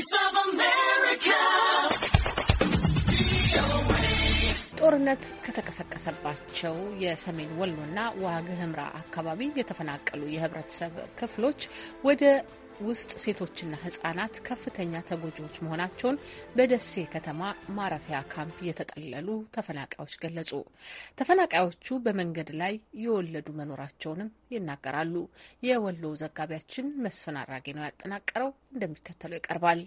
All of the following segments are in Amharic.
Voice of America. ጦርነት ከተቀሰቀሰባቸው የሰሜን ወሎና ዋግ ህምራ አካባቢ የተፈናቀሉ የህብረተሰብ ክፍሎች ወደ ውስጥ ሴቶችና ህጻናት ከፍተኛ ተጎጂዎች መሆናቸውን በደሴ ከተማ ማረፊያ ካምፕ የተጠለሉ ተፈናቃዮች ገለጹ። ተፈናቃዮቹ በመንገድ ላይ የወለዱ መኖራቸውንም ይናገራሉ። የወሎ ዘጋቢያችን መስፍን አራጌ ነው ያጠናቀረው፣ እንደሚከተለው ይቀርባል።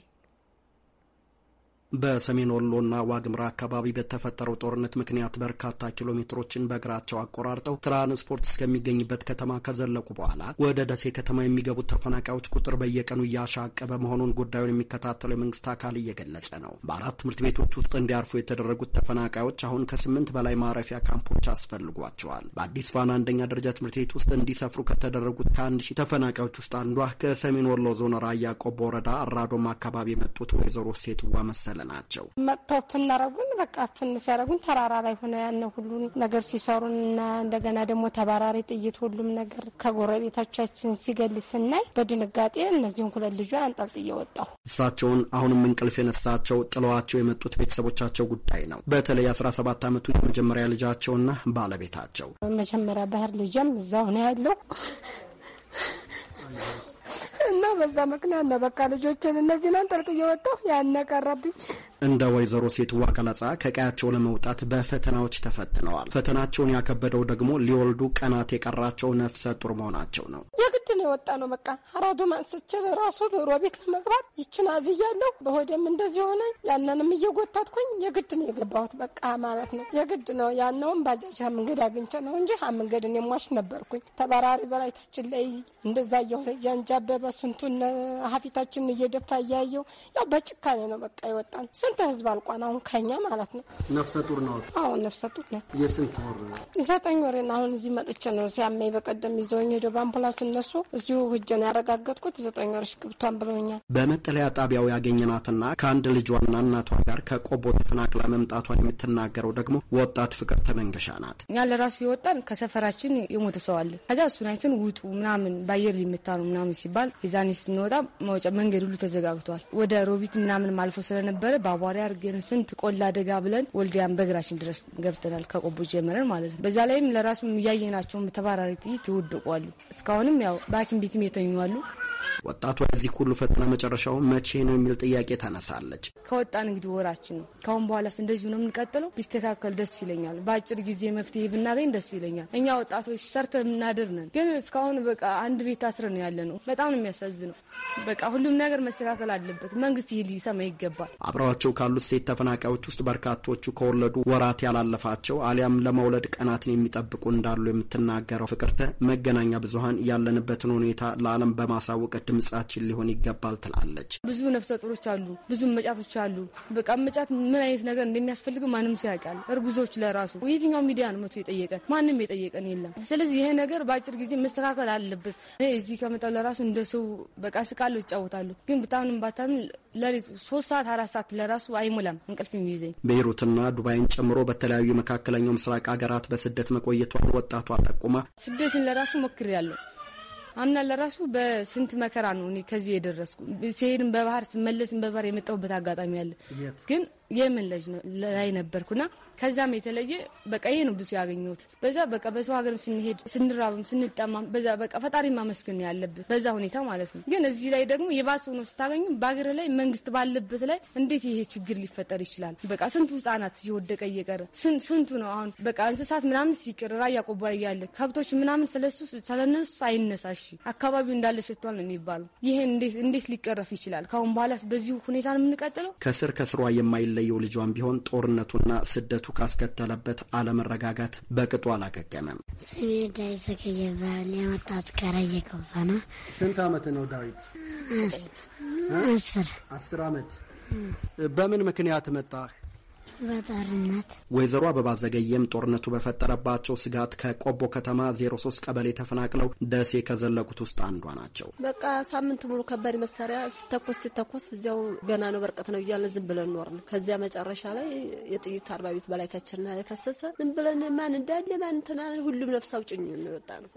በሰሜን ወሎና ዋግምራ አካባቢ በተፈጠረው ጦርነት ምክንያት በርካታ ኪሎ ሜትሮችን በእግራቸው አቆራርጠው ትራንስፖርት እስከሚገኝበት ከተማ ከዘለቁ በኋላ ወደ ደሴ ከተማ የሚገቡት ተፈናቃዮች ቁጥር በየቀኑ እያሻቀበ መሆኑን ጉዳዩን የሚከታተለው የመንግስት አካል እየገለጸ ነው። በአራት ትምህርት ቤቶች ውስጥ እንዲያርፉ የተደረጉት ተፈናቃዮች አሁን ከስምንት በላይ ማረፊያ ካምፖች አስፈልጓቸዋል። በአዲስ ፋና አንደኛ ደረጃ ትምህርት ቤት ውስጥ እንዲሰፍሩ ከተደረጉት ከአንድ ሺህ ተፈናቃዮች ውስጥ አንዷ ከሰሜን ወሎ ዞን ራያ ቆቦ ወረዳ አራዶማ አካባቢ የመጡት ወይዘሮ ሴትዋ መሰለ ናቸው። መጥተው እፍን በቃ እፍን ሲያደረጉን ተራራ ላይ ሆነ ያነ ሁሉን ነገር ሲሰሩና እንደገና ደግሞ ተባራሪ ጥይት ሁሉም ነገር ከጎረቤቶቻችን ሲገል ስናይ በድንጋጤ እነዚህን ሁለት ልጇ አንጠልጥዬ ወጣሁ። እሳቸውን አሁንም እንቅልፍ የነሳቸው ጥለዋቸው የመጡት ቤተሰቦቻቸው ጉዳይ ነው። በተለይ አስራ ሰባት አመቱ የመጀመሪያ ልጃቸውና ባለቤታቸው መጀመሪያ ባህር ልጅም እዛው ነው ያለው በዛ ምክንያት ነው በቃ ልጆችን እነዚህን አንጠልጥዬ ወጣሁ። ያነቀረብኝ እንደ ወይዘሮ ሴትዋ ገለጻ ከቀያቸው ለመውጣት በፈተናዎች ተፈትነዋል። ፈተናቸውን ያከበደው ደግሞ ሊወልዱ ቀናት የቀራቸው ነፍሰ ጡር መሆናቸው ነው። የግድ ነው የወጣ ነው። በቃ አራዱ ማንስችል ራሱ ዶሮ ቤት ለመግባት ይችን አዝያለሁ። በሆደም እንደዚህ ሆነ። ያንንም እየጎታትኩኝ የግድ ነው የገባሁት። በቃ ማለት ነው የግድ ነው። ያነውም ባጃጅ መንገድ አግኝቼ ነው እንጂ መንገድን የሟች ነበርኩኝ። ተባራሪ በላይታችን ላይ እንደዛ እየሆነ እያንጃበበ ስንቱን ሀፊታችን እየደፋ እያየው ያው በጭካኔ ነው በቃ ይወጣን እናንተ ህዝብ አልቋል። አሁን ከኛ ማለት ነው። ነፍሰ ጡር ነው። አዎ ነፍሰ ጡር ነው። የስንት ወር? ዘጠኝ ወር። አሁን እዚህ መጥቼ ነው ሲያመኝ በቀደም ይዘውኝ ሄዶ በአምቡላንስ እነሱ እዚሁ ህጀ ነው ያረጋገጥኩት። ዘጠኝ ወር ሽክብቷን ብለውኛል። በመጠለያ ጣቢያው ያገኘናትና ከአንድ ልጇና እናቷ ጋር ከቆቦ ተፈናቅላ መምጣቷን የምትናገረው ደግሞ ወጣት ፍቅር ተመንገሻ ናት። እኛ ለራሱ የወጣን ከሰፈራችን የሞተ ሰው አለ። ከዚያ እሱን አይተን ውጡ ምናምን በአየር ሊመታ ነው ምናምን ሲባል የዛኔ ስንወጣ መውጫ መንገድ ሁሉ ተዘጋግቷል። ወደ ሮቢት ምናምን ማልፎ ስለነበረ አቧሪ አርገን ስንት ቆላ አደጋ ብለን ወልዲያን በእግራችን ድረስ ገብተናል። ከቆቦ ጀምረን ማለት ነው። በዛ ላይም ለራሱ እያየናቸውም ተባራሪ ጥይት ይወድቋሉ። እስካሁንም ያው በሐኪም ቤትም የተኙዋሉ። ወጣቷ የዚህ ሁሉ ፈተና መጨረሻው መቼ ነው የሚል ጥያቄ ታነሳለች። ከወጣን እንግዲህ ወራችን ነው። ካሁን በኋላስ እንደዚሁ ነው የምንቀጥለው? ቢስተካከሉ ደስ ይለኛል። በአጭር ጊዜ መፍትሄ ብናገኝ ደስ ይለኛል። እኛ ወጣቶች ሰርተ የምናድር ነን፣ ግን እስካሁን በቃ አንድ ቤት ነው ያለ ነው። በጣም ነው የሚያሳዝነው። በቃ ሁሉም ነገር መስተካከል አለበት። መንግስት ይህ ሊሰማ ይገባል። አብረዋቸው ካሉት ሴት ተፈናቃዮች ውስጥ በርካቶቹ ከወለዱ ወራት ያላለፋቸው አሊያም ለመውለድ ቀናትን የሚጠብቁ እንዳሉ የምትናገረው ፍቅርተ መገናኛ ብዙኃን ያለንበትን ሁኔታ ለዓለም በማሳወቅ ድምጻችን ሊሆን ይገባል ትላለች። ብዙ ነፍሰ ጡሮች አሉ፣ ብዙ መጫቶች አሉ። በቃ መጫት ምን አይነት ነገር እንደሚያስፈልግ ማንም ሰው ያውቃል። እርጉዞች ለራሱ የትኛው ሚዲያ ነው መቶ የጠየቀን? ማንም የጠየቀን የለም። ስለዚህ ይሄ ነገር በአጭር ጊዜ መስተካከል አለበት። እዚህ ከመጣው ለራሱ እንደ ሰው በቃ ስቃለሁ፣ ይጫወታሉ። ግን ብታምንም ባታምን ለሊት ሶስት ሰዓት አራት ሰዓት ለራ ራሱ አይሞላም እንቅልፍ የሚይዘኝ። ቤይሩትና ዱባይን ጨምሮ በተለያዩ የመካከለኛው ምስራቅ ሀገራት በስደት መቆየቷን ወጣቷ ጠቁማ ስደትን ለራሱ ያለው አምና ለራሱ በስንት መከራ ነው እኔ ከዚህ የደረስኩ። ሲሄድም በባህር ስመለስም በባህር የመጣሁበት አጋጣሚ አለ ግን የመን ላይ ነበርኩና ከዛም የተለየ በቃ ይሄ ነው ብዙ ያገኘሁት። በዛ በቃ በሰው ሀገርም ስንሄድ ስንራብም ስንጠማም በዛ በቃ ፈጣሪ ማመስገን ያለብህ በዛ ሁኔታ ማለት ነው። ግን እዚህ ላይ ደግሞ የባሰ ሆኖ ስታገኙ በሀገር ላይ መንግስት ባለበት ላይ እንዴት ይሄ ችግር ሊፈጠር ይችላል? በቃ ስንቱ ህጻናት እየወደቀ እየቀረ ስንቱ ነው አሁን በቃ እንስሳት ምናምን ሲቅር ራያ ቆቦ ያለ ከብቶች ምናምን ስለሱ ስለነሱ አይነሳሽ አካባቢው እንዳለ ሸቷል ነው የሚባሉ ይሄ እንዴት ሊቀረፍ ይችላል? ከአሁን በኋላ በዚሁ ሁኔታ ነው የምንቀጥለው ከስር ከስሯ የማይለ የምትለየው ልጇን ቢሆን ጦርነቱና ስደቱ ካስከተለበት አለመረጋጋት በቅጡ አላገገመም። ስሜ ዳዊት ዘገየ ይባላል። የመጣት እየገባ ነው። ስንት አመት ነው ዳዊት? አስር አስር አመት። በምን ምክንያት መጣህ? በጦርነት ወይዘሮ አበባ ዘገየም ጦርነቱ በፈጠረባቸው ስጋት ከቆቦ ከተማ ዜሮ ሶስት ቀበሌ ተፈናቅለው ደሴ ከዘለቁት ውስጥ አንዷ ናቸው። በቃ ሳምንት ሙሉ ከባድ መሳሪያ ሲተኮስ ሲተኮስ እዚያው ገና ነው በርቀት ነው እያለ ዝም ብለን ኖርን። ከዚያ መጨረሻ ላይ የጥይት አርባ ቤት በላይታችን የፈሰሰ ዝም ብለን ማን እንዳለ ማን እንትና ሁሉም ነፍስ አውጭኝ እንወጣ ነው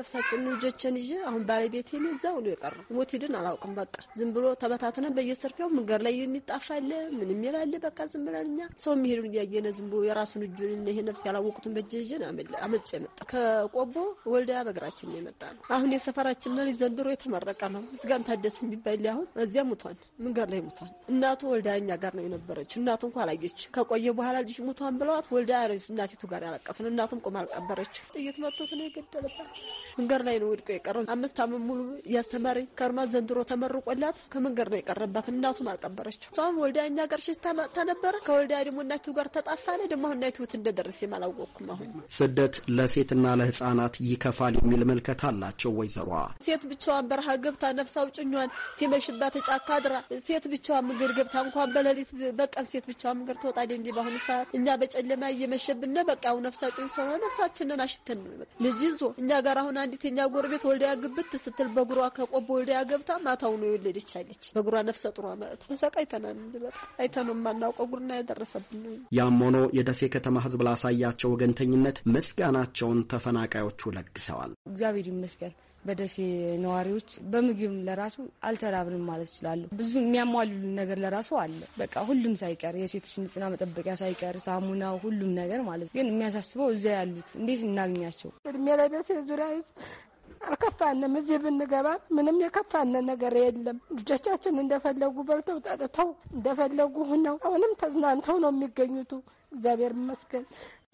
ነፍሳችን ልጆችን ይዤ አሁን ባለቤቴ እዛው ነው የቀረው። ሞት ሂድን አላውቅም። በቃ ዝም ብሎ ተበታትነን በየሰርፊያው መንገድ ላይ የሚጣፋለ ምንም ይላለ በቃ ዝም ብለን እኛ ሰው የሚሄዱን እያየነ ዝም ብሎ የራሱን እጁን ይሄ ነፍስ ያላወቁትን በጀጀን አመልጬ መጣ። ከቆቦ ወልዳ በእግራችን የመጣ ነው። አሁን የሰፈራችንና ዘንድሮ የተመረቀ ነው። ምስጋን ታደስ የሚባል አሁን እዚያ ሙቷል፣ መንገድ ላይ ሙቷል። እናቱ ወልዳ እኛ ጋር ነው የነበረች። እናቱ እንኳ አላየች። ከቆየ በኋላ ልጅ ሙቷን ብለዋት ወልዳ እናቴቱ ጋር ያለቀስን። እናቱም ቆማ አልቀበረች። ጥይት መቶት ነው የገደለባት። መንገድ ላይ ነው ወድቆ የቀረ። አምስት አመት ሙሉ ያስተማሪ ከርማ ዘንድሮ ተመርቆላት ከመንገድ ነው የቀረባት። እናቱም አልቀበረችው። እሷም ወልዳ እኛ ጋር ሽስታ መጥታ ነበረ ከወልዳ ደግሞ እናቱ ጋር ተጣፋለ ደግሞ አሁን እናቱ እንደደረሰ የማላወቅኩም አሁን ስደት ለሴትና ለህጻናት ይከፋል የሚል መልከት አላቸው ወይዘሯ። ሴት ብቻዋን በረሃ ገብታ ነፍስ አውጭኛዋን ሲመሽባት ጫካ ድራ ሴት ብቻዋ ምግር ገብታ እንኳን በሌሊት በቀን ሴት ብቻዋን ምግር ተወጣ እንዲ በአሁኑ ሰዓት እኛ በጨለማ እየመሸብነ በቃ አሁን ነፍስ አውጭኝ ሰሆ ነፍሳችንን አሽተን ልጅ ይዞ እኛ ጋር አሁን አንዲት የኛ ጎረቤት ወልዳ ግብት ስትል በጉሯ ከቆቦ ወልዳ ገብታ ማታው ነው የወለደች አለች። በጉሯ ነፍሰ ጥሯ መጥታ ተሰቃይተናል። በጣም አይተነው የማናውቀው ጉርና ያደረሰ እየደረሰብን ያም ሆኖ የደሴ ከተማ ህዝብ ላሳያቸው ወገንተኝነት ምስጋናቸውን ተፈናቃዮቹ ለግሰዋል። እግዚአብሔር ይመስገን። በደሴ ነዋሪዎች በምግብ ለራሱ አልተራብንም ማለት ይችላሉ። ብዙ የሚያሟሉልን ነገር ለራሱ አለ። በቃ ሁሉም ሳይቀር የሴቶች ንጽህና መጠበቂያ ሳይቀር ሳሙና፣ ሁሉም ነገር ማለት ግን የሚያሳስበው እዚያ ያሉት እንዴት እናግኛቸው እድሜ ለደሴ ዙሪያ አልከፋንም። እዚህ ብንገባ ምንም የከፋነ ነገር የለም። ልጆቻችን እንደፈለጉ በልተው ጠጥተው እንደፈለጉ ሁነው አሁንም ተዝናንተው ነው የሚገኙቱ። እግዚአብሔር ይመስገን።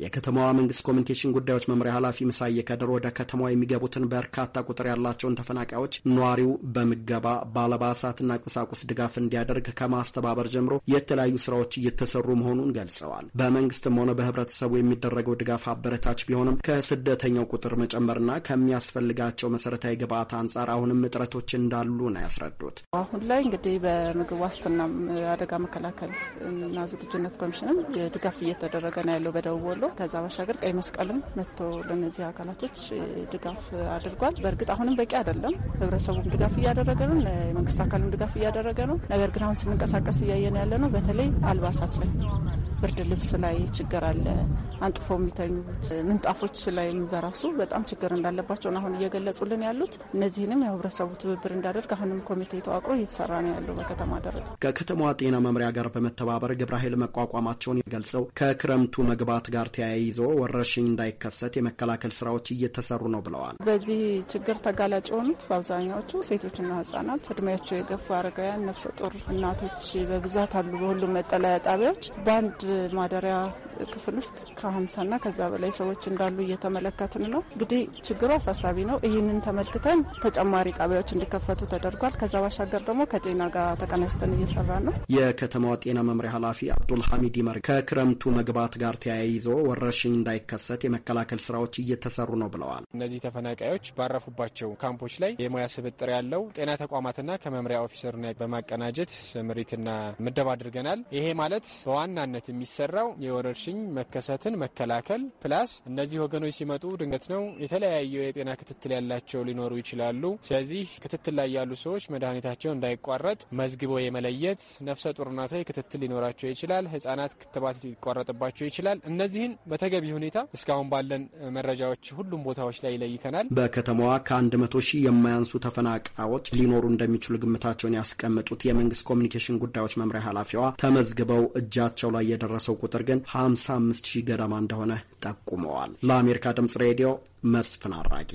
የከተማዋ መንግስት ኮሚኒኬሽን ጉዳዮች መምሪያ ኃላፊ ምሳዬ ከድር ወደ ከተማዋ የሚገቡትን በርካታ ቁጥር ያላቸውን ተፈናቃዮች ነዋሪው በምገባ ባለባሳትና ቁሳቁስ ድጋፍ እንዲያደርግ ከማስተባበር ጀምሮ የተለያዩ ስራዎች እየተሰሩ መሆኑን ገልጸዋል። በመንግስትም ሆነ በህብረተሰቡ የሚደረገው ድጋፍ አበረታች ቢሆንም ከስደተኛው ቁጥር መጨመርና ከሚያስፈልጋቸው መሰረታዊ ግብአት አንጻር አሁንም እጥረቶች እንዳሉ ነው ያስረዱት። አሁን ላይ እንግዲህ በምግብ ዋስትና አደጋ መከላከል እና ዝግጁነት ኮሚሽንም ድጋፍ እየተደረገ ነው ያለው በደቡብ ወሎ አለው። ከዛ ባሻገር ቀይ መስቀልም መጥቶ ለነዚህ አካላቶች ድጋፍ አድርጓል። በእርግጥ አሁንም በቂ አይደለም። ህብረተሰቡም ድጋፍ እያደረገ ነው፣ የመንግስት አካልም ድጋፍ እያደረገ ነው። ነገር ግን አሁን ስንንቀሳቀስ እያየን ያለ ነው። በተለይ አልባሳት ላይ ብርድ ልብስ ላይ ችግር አለ። አንጥፎ የሚተኙት ምንጣፎች ላይ በራሱ በጣም ችግር እንዳለባቸውን አሁን እየገለጹልን ያሉት እነዚህንም የህብረተሰቡ ትብብር እንዳደርግ አሁንም ኮሚቴ ተዋቅሮ እየተሰራ ነው ያለው በከተማ ደረጃ። ከከተማዋ ጤና መምሪያ ጋር በመተባበር ግብረ ኃይል መቋቋማቸውን ገልጸው ከክረምቱ መግባት ጋር ተያይዞ ወረርሽኝ እንዳይከሰት የመከላከል ስራዎች እየተሰሩ ነው ብለዋል። በዚህ ችግር ተጋላጭ የሆኑት በአብዛኛዎቹ ሴቶችና ህጻናት፣ እድሜያቸው የገፉ አረጋውያን፣ ነፍሰ ጡር እናቶች በብዛት አሉ በሁሉም መጠለያ ጣቢያዎች በአንድ ማደሪያ ክፍል ውስጥ ና ከዛ በላይ ሰዎች እንዳሉ እየተመለከትን ነው። እንግዲህ ችግሩ አሳሳቢ ነው። ይህንን ተመልክተን ተጨማሪ ጣቢያዎች እንዲከፈቱ ተደርጓል። ከዛ ባሻገር ደግሞ ከጤና ጋር ተቀናጅተን እየሰራ ነው። የከተማዋ ጤና መምሪያ ኃላፊ አብዱልሐሚድ ይመር ከክረምቱ መግባት ጋር ተያይዞ ወረርሽኝ እንዳይከሰት የመከላከል ስራዎች እየተሰሩ ነው ብለዋል። እነዚህ ተፈናቃዮች ባረፉባቸው ካምፖች ላይ የሙያ ስብጥር ያለው ጤና ተቋማትና ከመምሪያ ኦፊሰሩ በማቀናጀት ምሪትና ምደባ አድርገናል። ይሄ ማለት በዋናነት የሚሰራው የወረር ወረርሽኝ መከሰትን መከላከል ፕላስ እነዚህ ወገኖች ሲመጡ ድንገት ነው የተለያዩ የጤና ክትትል ያላቸው ሊኖሩ ይችላሉ። ስለዚህ ክትትል ላይ ያሉ ሰዎች መድኃኒታቸው እንዳይቋረጥ መዝግቦ የመለየት ነፍሰ ጡር እናቶች ክትትል ሊኖራቸው ይችላል። ህጻናት ክትባት ሊቋረጥባቸው ይችላል። እነዚህን በተገቢ ሁኔታ እስካሁን ባለን መረጃዎች ሁሉም ቦታዎች ላይ ይለይተናል። በከተማዋ ከአንድ መቶ ሺህ የማያንሱ ተፈናቃዮች ሊኖሩ እንደሚችሉ ግምታቸውን ያስቀመጡት የመንግስት ኮሚኒኬሽን ጉዳዮች መምሪያ ኃላፊዋ ተመዝግበው እጃቸው ላይ የደረሰው ቁጥር ግን 55 ሺህ ገደማ እንደሆነ ጠቁመዋል። ለአሜሪካ ድምጽ ሬዲዮ መስፍን አራጌ